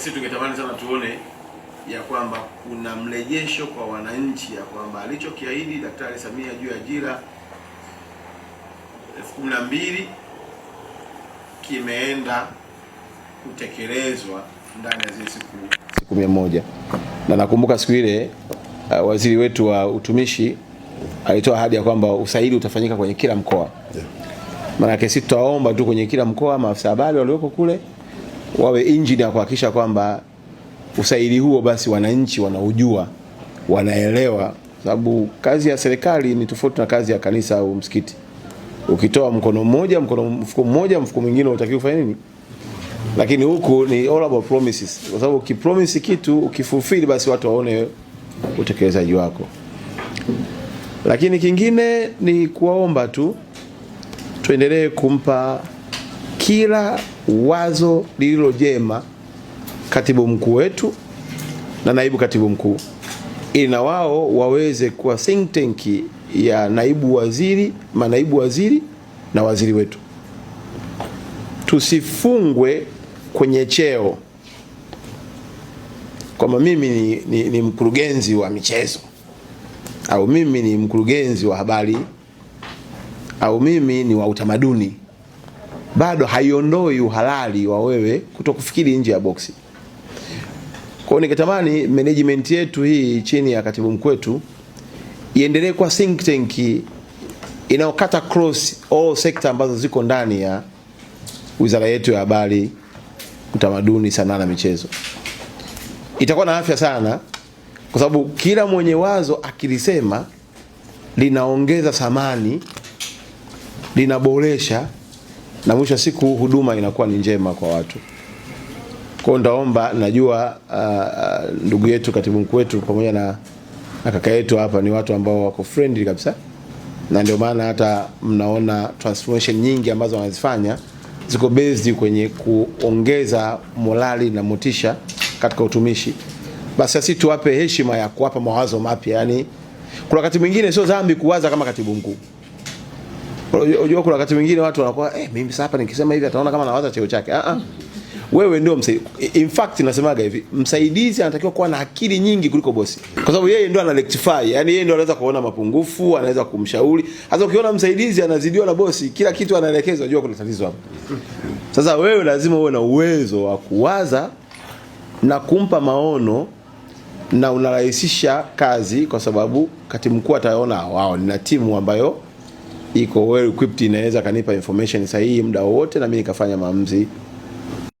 Sisi tungetamani sana tuone ya kwamba kuna mrejesho kwa wananchi ya kwamba alichokiahidi Daktari Samia juu ya ajira elfu kumi na mbili kimeenda kutekelezwa ndani ya zile siku siku mia moja na nakumbuka siku ile uh, waziri wetu wa utumishi alitoa ahadi ya kwamba usaili utafanyika kwenye kila mkoa. Maanake sisi tutaomba tu kwenye kila mkoa maafisa habari walioko kule wawe injini ya kuhakikisha kwamba usaili huo basi wananchi wanaujua, wanaelewa, sababu kazi ya serikali ni tofauti na kazi ya kanisa au msikiti. Ukitoa mkono mmoja, mkono mfuko mmoja, mfuko mwingine unatakiwa kufanya nini? Lakini huku ni all about promises, kwa sababu ukipromise kitu ukifulfill, basi watu waone utekelezaji wako. Lakini kingine ni kuwaomba tu tuendelee kumpa kila wazo lililo jema, katibu mkuu wetu na naibu katibu mkuu, ili na wao waweze kuwa think tank ya naibu waziri, manaibu waziri na waziri wetu. Tusifungwe kwenye cheo kwamba mimi ni, ni, ni mkurugenzi wa michezo au mimi ni mkurugenzi wa habari au mimi ni wa utamaduni bado haiondoi uhalali wa wewe kutokufikiri nje ya boksi. Kwa hiyo ningetamani management yetu hii chini ya katibu mkuu wetu iendelee kuwa think tank inayokata cross all sector ambazo ziko ndani ya wizara yetu ya habari, utamaduni, sanaa na michezo. Itakuwa na afya sana, kwa sababu kila mwenye wazo akilisema linaongeza thamani, linaboresha na mwisho wa siku huduma inakuwa ni njema kwa watu. Kwa ndaomba, najua uh, ndugu yetu katibu mkuu wetu pamoja na, na kaka yetu hapa ni watu ambao wako friendly kabisa, na ndio maana hata mnaona transformation nyingi ambazo wanazifanya ziko based kwenye kuongeza morali na motisha katika utumishi. Basi sisi tuwape heshima ya kuwapa mawazo mapya. Yani kuna wakati mwingine sio dhambi kuwaza kama katibu mkuu. Unajua kuna wakati mwingine watu wanakuwa eh, mimi sasa hapa nikisema hivi ataona kama nawaza cheo chake. Ah ah. Wewe ndio msaidizi. In fact nasemaga hivi, msaidizi anatakiwa kuwa na akili nyingi kuliko bosi. Kwa sababu yeye ndio ana rectify, yani yeye ndio anaweza kuona mapungufu, anaweza kumshauri. Sasa ukiona msaidizi anazidiwa na bosi, kila kitu anaelekezwa, unajua kuna tatizo hapo. Sasa wewe lazima uwe na uwezo wa kuwaza na kumpa maono na unarahisisha kazi, kwa sababu katibu mkuu ataona wao, nina timu ambayo iko well equipped, inaweza kanipa information sahihi muda wowote na mimi nikafanya maamuzi